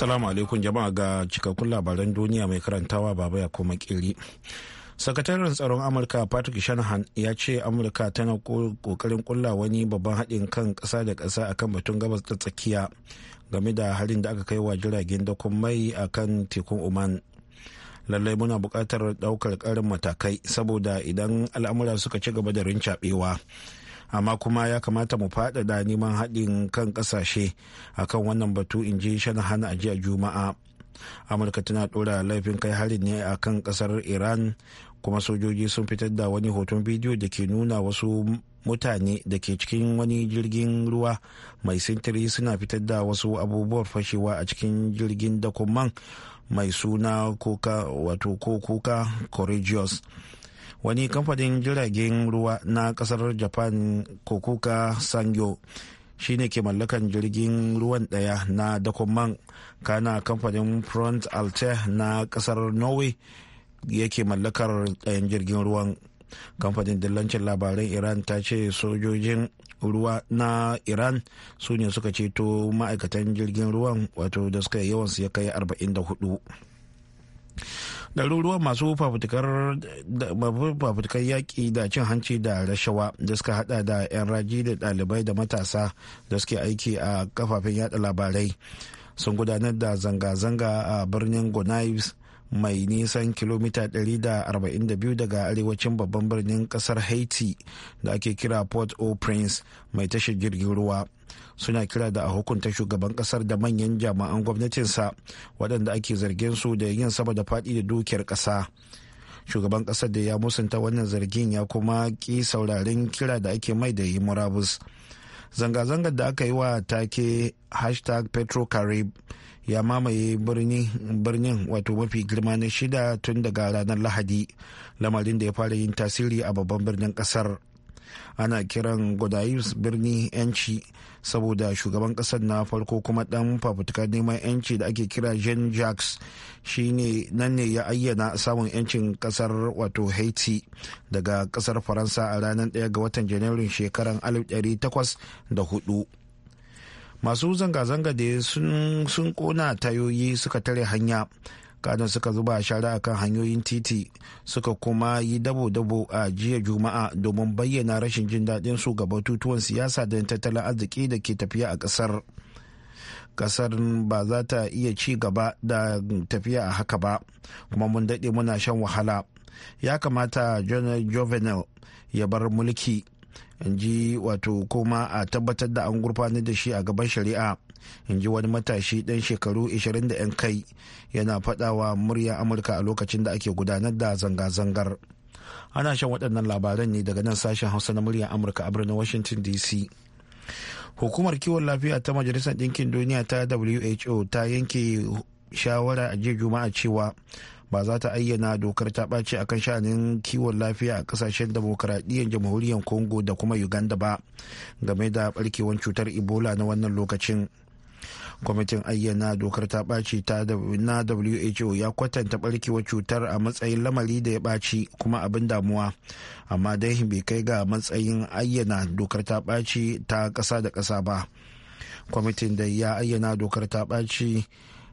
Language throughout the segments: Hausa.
Assalamu alaikum jama'a ga cikakkun labaran duniya mai karantawa baba ya koma kiri. Sakataren tsaron Amurka Patrick Shanahan ya ce Amurka tana kokarin kulla wani babban haɗin kan ƙasa da ƙasa akan batun gabas da tsakiya game da harin da aka kai wa jiragen dakon mai akan tekun Oman. lallai muna buƙatar ɗaukar ƙarin matakai saboda idan al'amura suka ci gaba da rincaɓewa amma kuma ya kamata mu faɗaɗa neman haɗin kan ƙasashe akan wannan batu in ji shanahan a jiya juma'a amurka tana ɗora laifin kai harin ne a kan ƙasar iran kuma sojoji sun fitar da wani hoton bidiyo da ke nuna wasu mutane da ke cikin wani jirgin ruwa mai sintiri suna fitar da wasu abubuwan fashewa a cikin jirgin dakon man mai suna kuka wato ko kuka courageous wani kamfanin jiragen ruwa na kasar japan kokuka sangyo shine ke mallakan jirgin ruwan daya na dakoman kana kamfanin front alter na kasar norway yake mallakar dayan jirgin ruwan kamfanin dillancin labaran iran ta ce sojojin ruwa na iran su ne suka ceto ma'aikatan jirgin ruwan wato da suka yawansu ya kai 44 ɗaruruwan masu fafutukar yaƙi da cin hanci da rashawa da suka hada da 'yan raji da ɗalibai da matasa da suke aiki a kafafen yaɗa labarai sun gudanar da zanga-zanga a birnin gonaives mai nisan kilomita 142 daga arewacin babban birnin kasar haiti da ake kira port au prince mai tashar jirgin ruwa suna kira da a hukunta shugaban kasar da manyan jami'an gwamnatinsa waɗanda ake zargin su da yin sama da faɗi da dukiyar ƙasa shugaban ƙasar da ya musanta wannan zargin ya kuma ki sauraren kira da ake mai da yi murabus zanga-zangar da aka yi wa take hashtag petrocarib ya mamaye birnin wato mafi girma na shida tun daga ranar lahadi lamarin da ya fara yin tasiri a babban birnin kasar ana kiran godayus birni yanci saboda shugaban kasar na farko kuma dan fafutukar neman yanci da ake kira jean jacques ne nan ne ya ayyana samun yancin kasar wato haiti daga kasar faransa a ranar 1 ga watan janairun shekarar 1804 masu zanga-zanga da sun kona tayoyi suka tare hanya kadan suka zuba shara a kan hanyoyin titi suka kuma yi dabo-dabo a jiya juma'a domin bayyana rashin jin daɗin su ga batutuwan siyasa da tattalin arziki da ke tafiya a ƙasar ƙasar ba za ta iya ci gaba da tafiya a haka ba kuma mun daɗe muna shan wahala ya kamata jovenel ya bar mulki in ji wato kuma a tabbatar da an gurfanar da shi a gaban shari'a in ji wani matashi dan shekaru 20 da 'yan kai yana fadawa murya amurka a lokacin da ake gudanar da zanga-zangar ana shan waɗannan labaran ne daga nan sashen hausa na murya amurka a birnin washington dc hukumar kiwon lafiya ta majalisar ɗinkin duniya ta who ta yanke shawara a jiya juma'a cewa ba za ta ayyana dokar ta ɓaci a kan sha'anin kiwon lafiya a ƙasashen demokuraɗiyyar jamhuriyar congo da kuma uganda ba game da ɓarkewar cutar ebola na wannan lokacin kwamitin ayyana dokar ta ɓaci na who ya kwatanta ɓarkewar cutar a matsayin lamari da ya ɓaci kuma abin damuwa amma dai bai kai ga matsayin ayyana dokar ta ɓaci ta ƙasa da ƙasa ba kwamitin da ya ayyana dokar ta ɓaci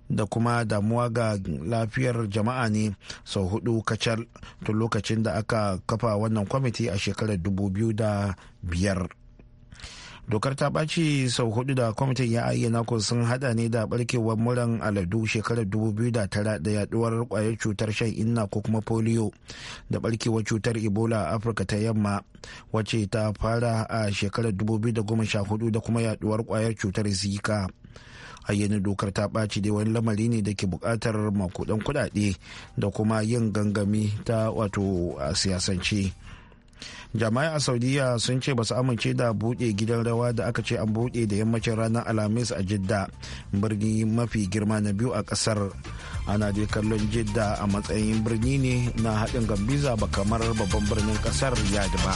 da kuma damuwa ga lafiyar jama'a ne sau hudu kacal tun lokacin da aka kafa wannan kwamiti a shekarar biyar dokar ta ɓaci sau hudu da kwamitin ya ayyana ko sun hada ne da barkewar muran aladu shekarar 2009 da yaduwar kwayar cutar shan inna ko kuma polio da barkewar cutar ebola a afirka ta yamma wacce ta fara a shekarar 2014 da kuma yaduwar kwayar cutar zika ayyana dokar ta ɓaci da wani lamari ne da ke buƙatar makudan kuɗaɗe da kuma yin gangami ta wato siyasance jam'ai a saudiya sun ce basu amince da buɗe gidan rawa da aka ce an buɗe da yammacin ranar alhamis a jidda birni mafi girma na biyu a ƙasar ana je kallon jidda a matsayin birni ne na haɗin gambiza ba kamar babban birnin ƙasar yadi ba.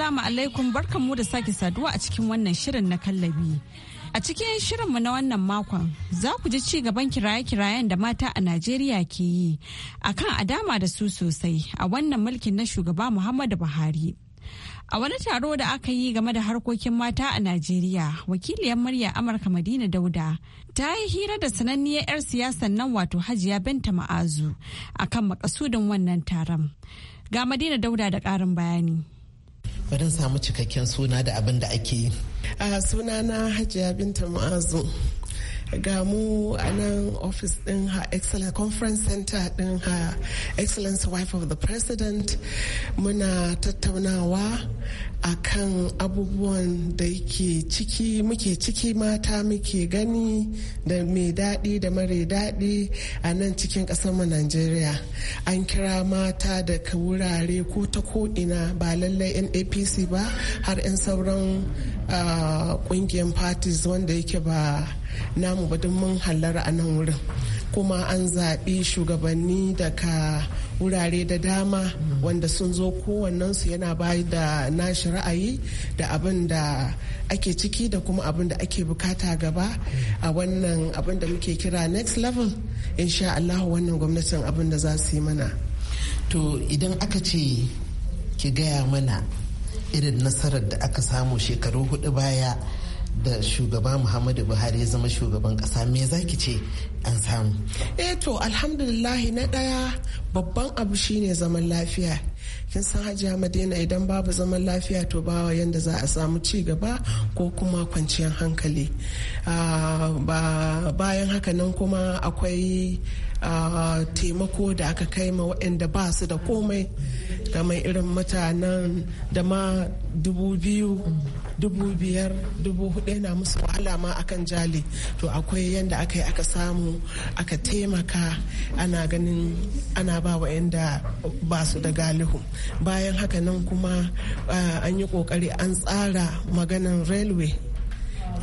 Assalamu alaikum barkanmu da sake saduwa a cikin wannan shirin na kallabi. A cikin shirinmu na wannan makon za ku ji ci gaban kiraye-kirayen da mata a Najeriya ke yi akan a dama da su sosai a wannan mulkin na shugaba Muhammadu Buhari. A wani taro da aka yi game da harkokin mata a Najeriya, wakiliyar murya Amurka Madina Dauda ta yi hira da sananniyar 'yar siyasan nan wato Hajiya Binta Ma'azu akan makasudin wannan taron. Ga Madina Dauda da ƙarin bayani. bari samu cikakken suna da abin da ake yi. A na Hajiya Binta Mu'azu. ga mu a nan ofis din ha excellence conference center din ha excellence wife of the president muna tattaunawa a kan abubuwan da ke ciki muke ciki mata muke gani da mai daɗi da mare daɗi a nan cikin mu najeriya an kira mata da wurare ko ta ko'ina ba lallai yan apc ba har 'yan sauran ah, ƙungiyar parties wanda yake ba namu ba don mun hallara a nan wurin kuma an zaɓi shugabanni daga wurare da dama wanda sun zo kowannensu yana bayi da nashi ra'ayi da abin da ake ciki da kuma abin da ake bukata gaba a wannan abin da muke kira next level insha Allah wannan gwamnatin abin da za su yi mana to idan aka ce ki gaya mana irin nasarar da aka samu shekaru hudu baya da shugaba muhammadu buhari ya zama shugaban kasa me zaki ce an samu eh to alhamdulillahi na ɗaya babban abu shine zaman lafiya kin san hajiya madina idan babu zaman lafiya to bawa yanda za a samu ci gaba ko kuma kwanciyar hankali ah, bayan haka nan kuma akwai ah, taimako da aka kai ma waɗanda ba su da komai kamar irin mutanen da ma dubu biyu dubu biyar dubu hudu yana musu wahala ma akan jali to akwai yadda aka yi aka samu aka taimaka ana ganin ana ba wa yanda ba su da galihu bayan haka nan kuma ah, an yi kokari an tsara maganin railway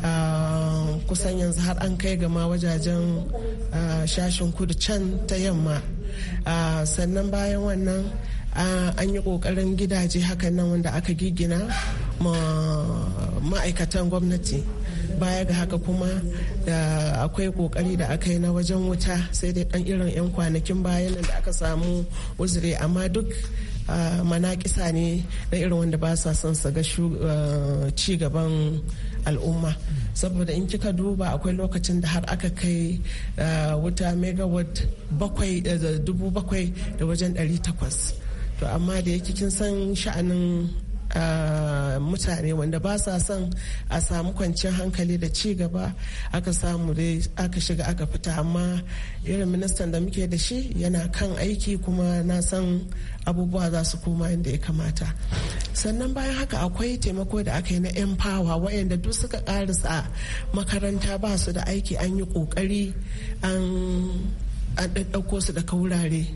ah, kusan yanzu har an kai gama wajajen ah, shashin kudu can ta yamma sannan bayan wannan an yi kokarin gidaje hakan nan wanda aka gigina ma'aikatan gwamnati baya ga haka kuma da akwai kokari da aka yi na wajen wuta sai dai dan irin 'yan kwanakin bayan da aka samu uzure amma duk mana manakisa ne na irin wanda ba sa son su ga ci gaban al'umma saboda in kika duba akwai lokacin da har aka kai wuta megawatt bakwai eh, dubu bakwai da wajen ɗari takwas to amma da yake kin san sha'anin mutane wanda ba sa son a samu kwanciyar hankali da ci gaba aka samu dai aka shiga aka fita amma irin ministan da muke da shi yana kan aiki kuma na san abubuwa za su koma inda ya kamata sannan bayan haka akwai taimako da aka yi na empower wayanda duk suka karisa makaranta ba su da aiki an yi kokari an an ɗaɗɗauko su daga wurare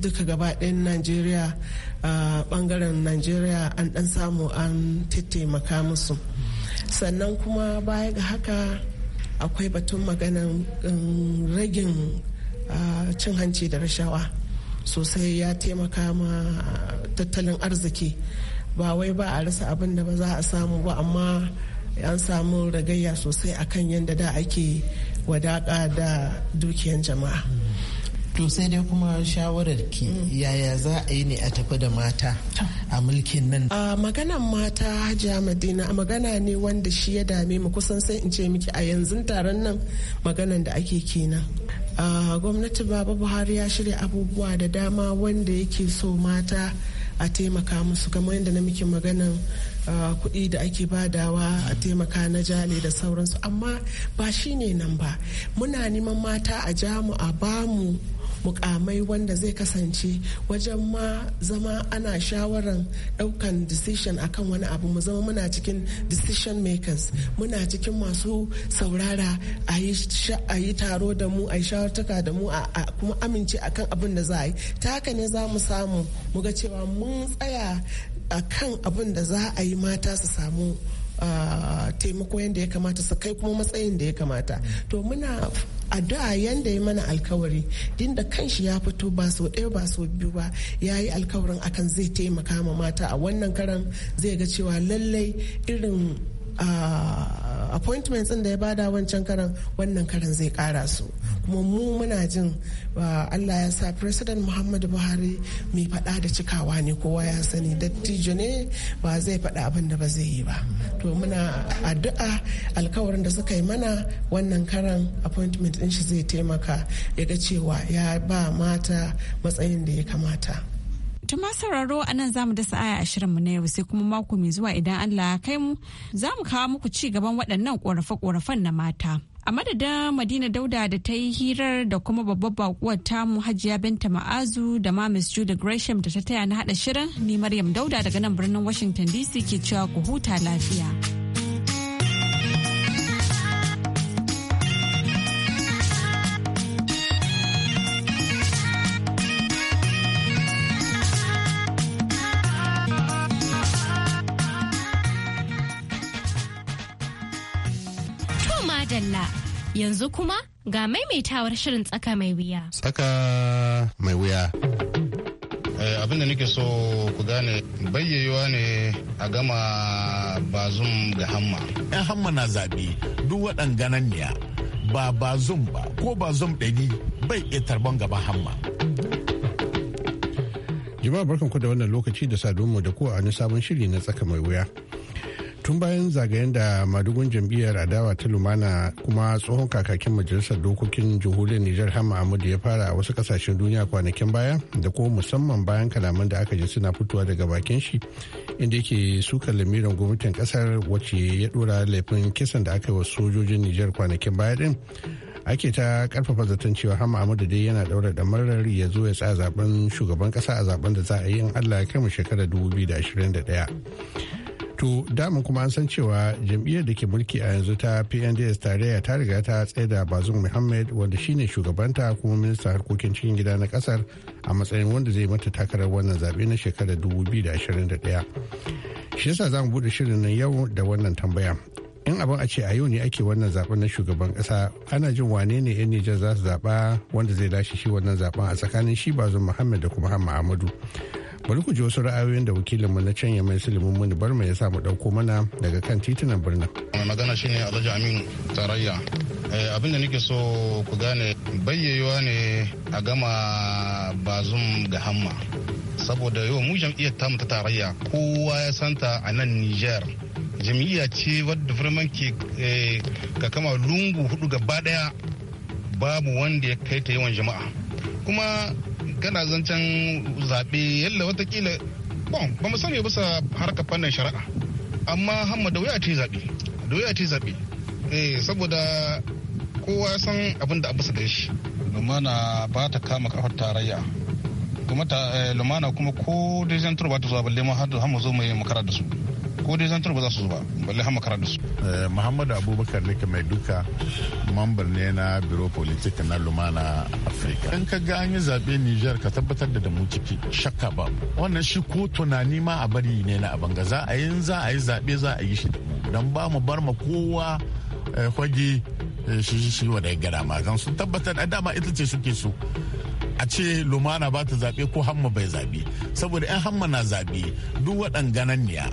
duka gaba ɗayan najeriya a ɓangaren najeriya an ɗan samu an taimaka musu sannan kuma baya ga haka akwai batun maganan um, ragin cin hanci da rashawa sosai ya taimaka ma tattalin arziki ba wai ba a rasa abin da ba za a samu ba amma an samu ragayya sosai akan yadda da ake wadaƙa da dukiyan jama'a to sai dai kuma shawarar ki mm. yaya za a yi ne a tafi da mata a mulkin nan a maganan mata hajiya madina a magana ne wanda shi ya dame mu kusan sai in ce miki a yanzu taron nan maganan da ake kenan gwamnati baba buhari ya shirya abubuwa da dama wanda yake so mata a taimaka musu kamar yadda na muke maganan kuɗi da ake badawa a taimaka na jale da sauransu amma ba shine nan ba muna neman mata a jamu a bamu mukamai wanda zai kasance wajen ma zama ana shawaran daukan decision akan wani abu mu zama muna cikin decision makers muna cikin masu saurara a yi taro da mu a yi shawartaka da mu a kuma amince akan abin da za a yi ta haka ne za mu samu mu ga cewa mun tsaya akan abin da za a yi mata su samu ah, taimako yadda ya kamata su kai kuma matsayin da ya kamata to muna addu'a yanda ya mana alkawari din da kanshi ya fito ba so ɗaya ba so biyu ba ya yi alkawarin akan zai taimaka ma mata a wannan karan zai ga cewa lallai irin appointments ɗin da ya bada wancan karan wannan karan zai kara su kuma mu muna jin allah ya sa president muhammadu buhari mai fada da cikawa ne kowa ya sani dattijo ne ba zai fada abin da ba zai yi ba to muna addu'a alkawarin da suka yi mana wannan karan appointment ɗin shi zai taimaka ya ga cewa ya ba mata matsayin da ya kamata Tuma sauraro a nan za mu dasa aya shirin mu na yau sai kuma mako mai zuwa idan Allah ya kai mu za mu kawo muku ci gaban waɗannan ƙorafe-ƙorafen na mata. A madadin Madina Dauda da ta yi hirar da kuma babbar bakuwar mu Hajiya Binta Ma'azu da ma Miss Julie Gresham da ta taya na haɗa shirin ni Maryam Dauda daga nan birnin Washington DC ke cewa ku huta lafiya. Yanzu kuma ga maimaitawar shirin tsaka mai wuya. Tsaka mai wuya. Eh, abin da nake so ku gane bayyewa ne a gama bazum ga hamma. 'yan hamma na zaɓe duk waɗan gananniya ba bazum ba ko bazum ɗari bai iya tarban gaba hamma. jima'a barkan ku da wannan lokaci da sadonmu da ku a wani sabon shiri na tsaka mai wuya. tun bayan zagayen da madugun jam'iyyar adawa ta lumana kuma tsohon kakakin majalisar dokokin jamhuriyar nijar hama amadu ya fara a wasu kasashen duniya kwanakin baya da kuma musamman bayan kalaman da aka ji suna fitowa daga bakin shi inda yake sukar lamiran gwamnatin kasar wacce ya dora laifin kisan da aka yi wa sojojin nijar kwanakin baya din ake ta karfafa zaton cewa hama amadu dai yana daura damarar ya zo ya tsaya zaben shugaban kasa a zaben da za a yi in allah ya kama shekarar daya. to damun kuma an san cewa jam'iyyar da ke mulki a yanzu ta pnds tarayya ta riga ta da bazum muhammad wanda shine shugabanta kuma ministan harkokin cikin gida na kasar a matsayin wanda zai mata takarar wannan zaɓe na shekarar 2021 shi yasa za mu buɗe shirin nan yau da wannan tambaya in abin a ce a yau ne ake wannan zaɓen na shugaban kasa ana jin wane ne yan nijar za su zaɓa wanda zai lashe shi wannan zaɓen a tsakanin shi bazum muhammad da kuma hamma ahmadu bari ku ji wasu ra'ayoyin da wakilinmu na can ya mai silimin mun bar mu ya samu ɗauko mana daga kan titunan birnin. magana shine alhaji amin tarayya eh, abinda nake so ku gane bayyayewa ne a gama bazum ga hamma saboda yau mu jam'iyyar tamu ta tarayya kowa ya santa a nan niger jam'iyya ce wadda firman ke eh, ka kama lungu hudu gaba daya babu wanda ya kai ta yawan jama'a kuma kana zancen zaɓe yalla watakila bon ba mu sani bisa harkar fannin shari'a amma hamma da wuya ce zaɓe da wuya ce zaɓe eh saboda kowa san abin da abu su shi lumana ba ta kama kafar tarayya kuma eh, lumana kuma ko dai zan turba ta zuwa balle mu har mu zo mu yi makara da su ko dai zantar ba za su zuba balle har makara da su eh, muhammadu abubakar ne mai duka mambar ne na biro politika na lumana afirka in ka ga an yi zaɓe niger ka tabbatar da mu ciki shakka ba wannan shi ko tunani ma a bari ne na abanga za a yi za a yi zaɓe za a yi shi don ba mu bar ma kowa eh, kwagi eh, shi shi wa da gada ma sun tabbatar a dama ita ce suke so a ce lumana ba ta zaɓe ko hamma bai zaɓe saboda 'yan hamma na zaɓe duk waɗan niya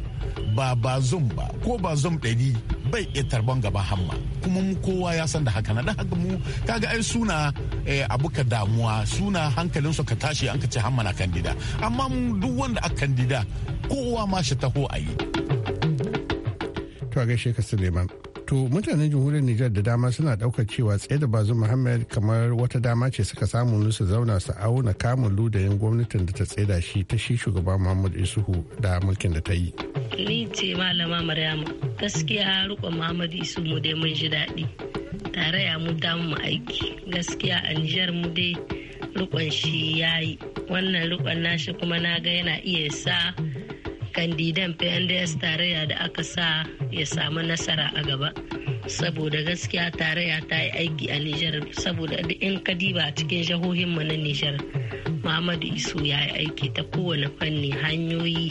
ba ba zum ba ko ba zum ɗari bai iya tarban gaba hamma kuma mu kowa ya san da haka na haka mu kaga ai suna eh, abu ka damuwa suna hankalin su ka tashi an ka ce hamma na kandida amma mu duk wanda a kandida kowa ma shi taho a yi. To gaishe ka Suleiman. to mutanen jamhuriyar nijar da dama suna ɗaukar cewa tsaye da bazu muhammad kamar wata dama ce suka samu na zauna su auna kamun ludayin gwamnatin da ta tsaida shi ta shi shugaba muhammad isuhu da mulkin da ta yi ni ce malama maryama gaskiya rukon muhammad isuhu dai mun ji daɗi tare ya mu damu mu aiki gaskiya a nijar mu dai rikon shi ya yi wannan rikon nashi kuma na ga yana iya sa kandidan PNDS tarayya da aka sa ya samu nasara a gaba. Saboda gaskiya tarayya ta yi aiki a Nijar saboda in kadiba cikin jihohinmu na Nijar. Muhammadu Isu ya yi aiki ta kowane fanni hanyoyi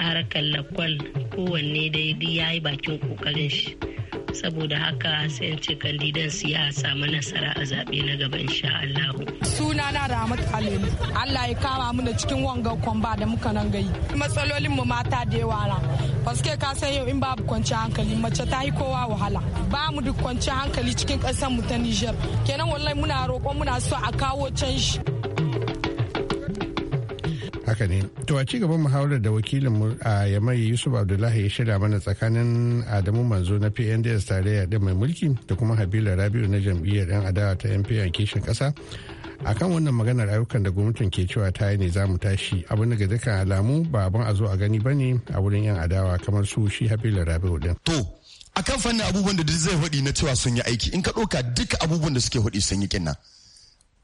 harkar lakwal kowanne daidai ya yi bakin kokarin shi. saboda haka sai ce kandidan su ya samu nasara a zaɓe na gaba insha Allah. na Ramat Alimu. Allah ya kama mu da cikin wanga kwamba da muka nan gayi. Matsalolin mu mata da yawa na. Paske ka san yau in babu kwanciyar hankali mace ta yi kowa wahala. Ba mu duk kwanciyar hankali cikin ƙasar mu ta Nijar. Kenan wallahi muna roƙon muna so a kawo canji. haka ne to a ci gaban muhawarar da wakilin mu a yamai yusuf abdullahi ya shirya mana tsakanin adamu manzo na pnds tare da mai mulki da kuma habila rabiu na jam'iyyar yan adawa ta yan fiyan kishin kasa kan wannan maganar ayyukan da gwamnatin ke cewa ta yi ne za mu tashi abin ga dukkan alamu ba abin a zo a gani ba ne a wurin yan adawa kamar su shi habila rabiu din to a kan fannin abubuwan da zai faɗi na cewa sun yi aiki in ka ɗauka duka abubuwan da suke faɗi sun yi kinna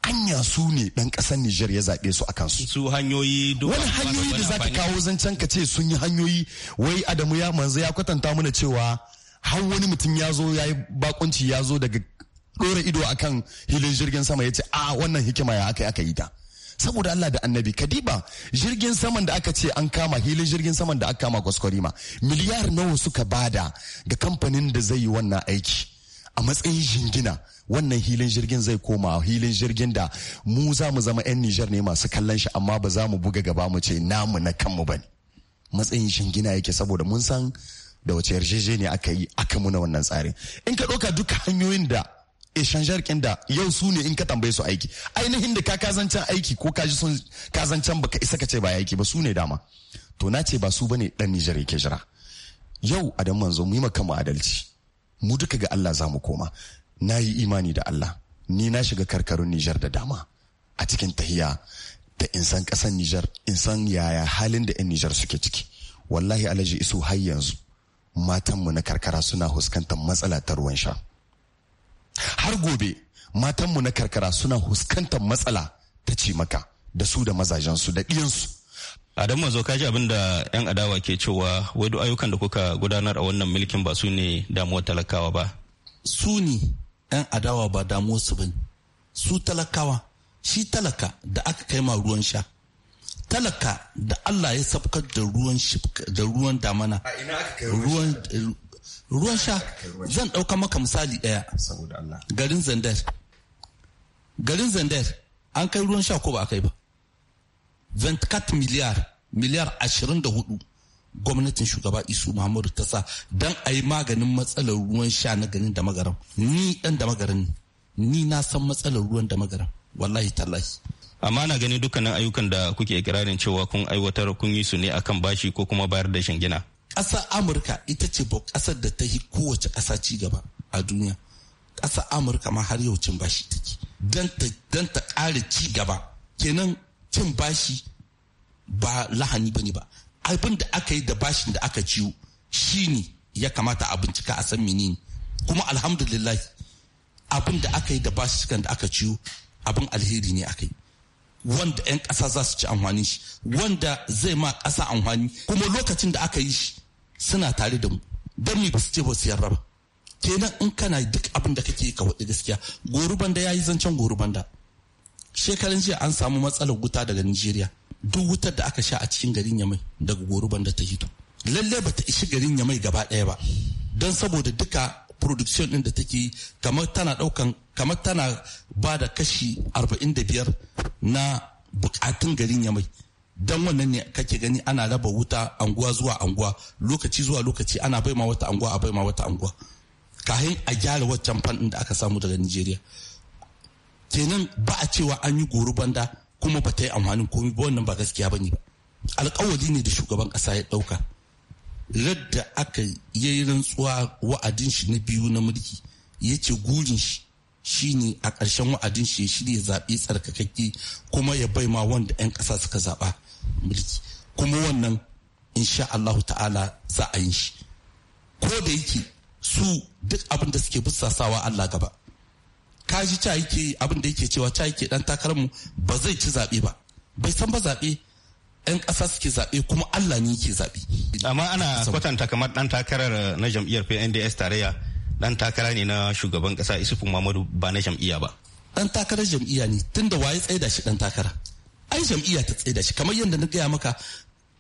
anya su ne dan kasar Nijar ya zaɓe su a kansu. Su hanyoyi Wani hanyoyi da za ta kawo zancen ka ce sun yi hanyoyi wai Adamu ya manzo ya kwatanta mana cewa har wani mutum ya zo ya yi bakunci ya zo daga ɗora ido a kan hilin jirgin sama ya ce a ah, wannan hikima ya aka aka yi ta. saboda Allah da annabi kadiba jirgin saman da aka ce an kama hilin jirgin saman da aka kama kwaskwarima miliyar nawa suka bada ga kamfanin da zai yi wannan aiki a matsayin jingina wannan hilin jirgin zai koma hilin jirgin da mu za mu zama 'yan Nijar ne masu kallon shi amma ba za mu buga gaba mu ce namu na kanmu ba ne matsayin jingina yake saboda mun san da wace yarjejeniya aka yi aka muna wannan tsarin in ka ɗauka duka hanyoyin da ishanjar da yau su ne in ka tambaye su aiki ainihin da ka kazancan aiki ko ka ji sun kazancan baka isa ka ce ba aiki ba su ne dama to na ce ba su bane dan Nijar yake jira yau a dan manzo mu yi maka adalci mu duka ga Allah za mu koma na yi imani da Allah ni na shiga karkarun Nijar da dama a cikin tahiya da insan ƙasar Nijar insan yaya halin da 'yan Nijar suke ciki wallahi alaji isu har yanzu matanmu na karkara suna huskantar matsala ta ruwan sha har gobe matanmu na karkara suna huskantar matsala ta cimaka da su da mazajensu da ɗiyansu Adam Mazo ka ji abin da 'yan adawa ke cewa wai duk ayyukan da kuka gudanar a wannan mulkin ba su ne damuwar talakawa ba. Su ne 'yan adawa ba damuwar su bane. Su talakawa shi talaka da aka kai ma ruwan sha. Talaka da Allah ya sabkar da ruwan da ruwan damana. Ruwan ruwan sha zan ɗauka maka misali ɗaya. Garin Zandar. Garin Zandar an kai ruwan sha ko ba a kai ba. 24 miliyar miliyar 24 gwamnatin shugaba isu muhammadu ta sa don a yi maganin matsalar ruwan sha na ganin da magaram ni dan da magaran ni na san matsalar ruwan da magaram wallahi tallahi amma na gani dukkanin ayyukan da kuke ikirarin cewa kun aiwatar kun yi su ne akan bashi ko kuma bayar da shingina ƙasar amurka ita ce ƙasar da ta yi kowace ƙasa ci gaba a duniya ƙasar amurka ma har yau cin bashi take don ta ƙara ci gaba kenan cin bashi ba lahani ba ne ba abin da aka yi da bashin da aka ciwo shi ne ya kamata a bincika a san menene kuma alhamdulillah abin da aka yi da bashin da aka ciwo abin alheri ne aka yi wanda 'yan ƙasa za su ci amfani shi wanda zai ma ƙasa amfani kuma lokacin da aka yi shi suna tare da mu don me ba su ce ba su ba kenan in kana duk abin da kake yi ka waɗi gaskiya goruban da ya yi zancen goruban da shekarun jiya an samu matsalar wuta daga Nigeria duk wutar da aka sha a cikin garin Yamai daga goruban da ta hito lalle ba ta ishi garin Yamai gaba ɗaya ba don saboda duka production din da take kamar tana daukan kamar tana ba da kashi 45 na bukatun garin Yamai dan wannan ne kake gani ana raba wuta anguwa zuwa anguwa lokaci zuwa lokaci ana baima wata anguwa a baima wata anguwa kahin a gyara waccan fan da aka samu daga Nigeria kenan ba a cewa an yi goro banda kuma ba ta yi amfanin komi ba wannan ba gaskiya ba ne alkawari ne da shugaban kasa ya dauka radda aka yi rantsuwa wa'adin shi na biyu na mulki ya ce gurin shi shine a ƙarshen wa'adin shi ya shirya zaɓe tsarkakakke kuma ya bai ma wanda 'yan ƙasa suka zaɓa mulki kuma wannan insha Allah ta'ala za a yi shi ko da yake su duk abin da suke bussasawa Allah gaba kaji ca yake abin da yake cewa ca yake dan takararmu ba zai ci zaɓe ba bai san ba zaɓe 'yan ƙasa suke zaɓe kuma Allah ne yake zaɓe. Amma ana kwatanta kamar dan takarar eh, na jam'iyyar PNDS tarayya dan takara ne na shugaban ƙasa Isufu Muhammadu ba na jam'iyya ba. Dan takarar jam'iyya ne tun da waye tsaida shi dan takara. Ai jam'iyya ta tsaida shi kamar yadda na gaya maka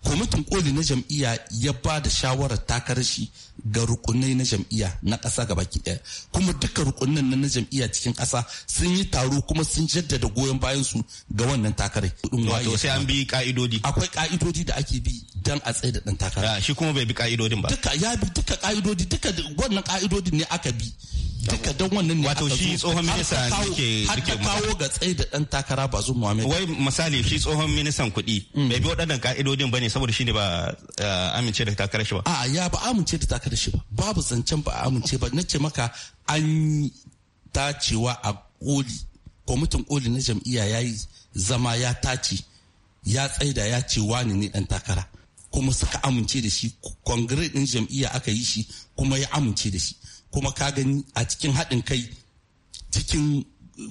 kwamitin koli na jam'iyya ya ba da shawarar takarar shi ga rukunai na jam'iyya na ƙasa gaba ɗaya kuma duka rukunan na jam'iyya cikin ƙasa sun yi taro kuma sun jaddada goyon bayan su ga wannan takarai. wato sai an bi ka'idodi akwai ka'idodi da ake bi dan a tsaye da dan takara ah, shi kuma bai bi ka'idodin ba duka ya bi duka ka'idodi duka wannan ka'idodin ne aka bi duka don wannan ne wato shi tsohon minista ne ke rike kawo ga tsaye da dan takara ba zu Muhammad wai misali shi tsohon ministan kuɗi mm. bai bi waɗannan ka'idodin bane saboda shi ne ba eh, amince da takarar shi ba a ya ba amince da takarar shi ba babu zancen ba amince ba nace maka an tacewa a koli kwamitin koli na jam'iyya yayi zama ya tace ya tsaida ya ce wani ne dan takara kuma suka amince da shi kongire din jam'iyya aka yi shi kuma ya amince da shi kuma ka gani a cikin haɗin kai cikin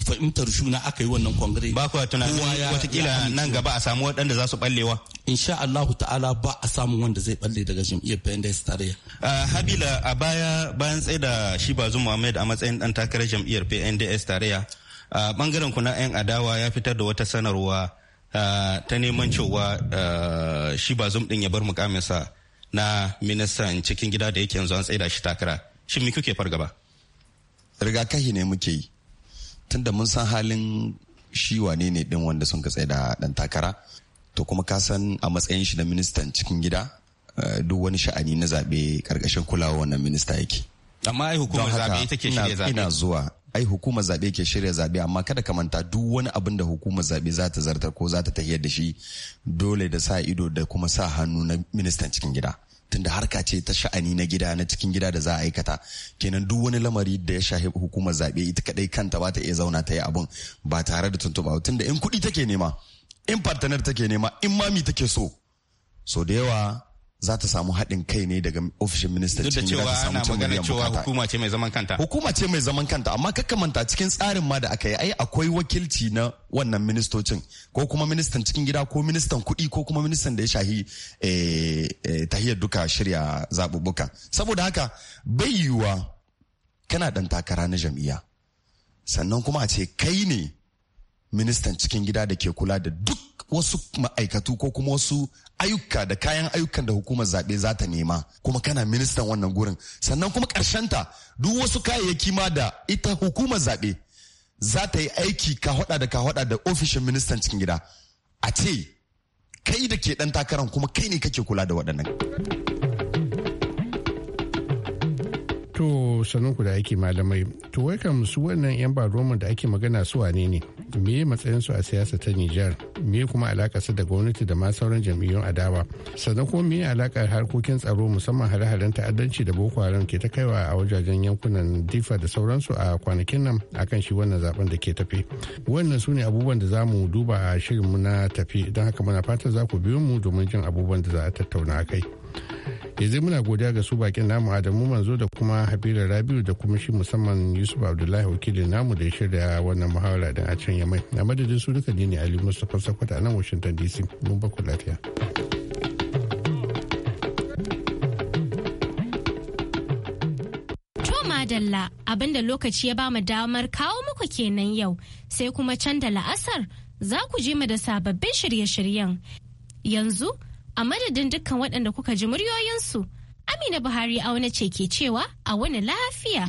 fahimtar juna aka yi wannan kongire. Ba kuwa tunanin watakila nan gaba a samu waɗanda za su ɓallewa. Insha Allah ta'ala ba a samu wanda zai ɓalle daga jam'iyyar PNDS tarayya. Uh, Habila a baya bayan tsaye da shi bazu Muhammad a matsayin ɗan takarar jam'iyyar PNDS tarayya. Bangaren uh, ku na 'yan adawa ya fitar da wata sanarwa uh, ta neman cewa shi bazum ɗin ya bar mukaminsa na ministan cikin gida da yake yanzu an tsaye da shi takara. shin me kuke fargaba rigakafi ne muke yi tunda mun san halin shi wane ne din wanda sun katse da dan takara to kuma ka san a matsayin shi na ministan cikin gida eh, duk wani sha'ani na zabe karkashin kulawa wannan minista yake amma ai hukumar zaɓe ke shirya zaɓe ina zuwa ai hukumar zaɓe ke shirya zaɓe amma kada ka manta duk wani abin da hukumar zaɓe za ta zartar ko za ta tafiyar da shi dole da sa ido da kuma sa hannu na ministan cikin gida tunda harka ce ta sha'ani na gida na cikin gida da za a aikata kenan duk wani lamari da ya shahi hukumar zaɓe ita kadai kanta ba ta iya zauna ta yi abun ba tare da tuntuɓa tunda in kuɗi take nema in partner take nema in mami take so so da yawa za ta samu haɗin kai ne daga ofishin ministan cikin gida ta samu cin miliyan bukata. hukuma ce mai zaman kanta. Hukuma ce mai zaman kanta amma kakkamanta cikin tsarin ma da aka yi ai akwai wakilci na wannan ministocin ko kuma ministan cikin gida ko ministan kuɗi ko kuma ministan da ya shahi eh, eh, tahiyar duka shirya zaɓuɓɓuka. Saboda haka bai yiwuwa kana ɗan takara na jam'iyya sannan kuma a ce kai ne ministan cikin gida da ke kula da duk wasu ma'aikatu ko kuma wasu ayyuka da kayan ayyukan da hukumar zaɓe za ta nema kuma kana ministan wannan gurin sannan kuma ta duk wasu kayayyaki ma da ita hukumar zaɓe za ta yi aiki ka hada da ka hada da ofishin ministan cikin gida a ce kai da ke ɗan takarar kuma kai ne kake kula da waɗannan. to sanin ku da ake malamai to wai kam su wannan yan baromin da ake magana su wane ne me matsayinsu a siyasa ta Nijar me kuma alakarsu da gwamnati da ma sauran jam'iyyun adawa sannan kuma me alakar harkokin tsaro musamman hare ta'addanci da Boko Haram ke ta kaiwa a wajajen yankunan Difa da sauransu a kwanakin nan akan shi wannan zaben da ke tafi wannan su ne abubuwan da za mu duba a shirin mu na tafi don haka muna fatan za ku biyo mu domin jin abubuwan da za a tattauna a kai. yanzu muna godiya ga su bakin namu adamu manzo da kuma habira rabiu da kuma shi musamman yusuf abdullahi wakilin namu da ya shirya wannan muhawara da a can yamai na madadin su duka ne ali mustapha sakwata a nan washington dc mun baku lafiya madalla abinda lokaci ya bamu damar kawo muku kenan yau sai kuma can da la'asar za ku je mu da sababbin shirye-shiryen yanzu a madadin dukkan waɗanda kuka ji muryoyinsu amina buhari auna ce ke cewa a wani lafiya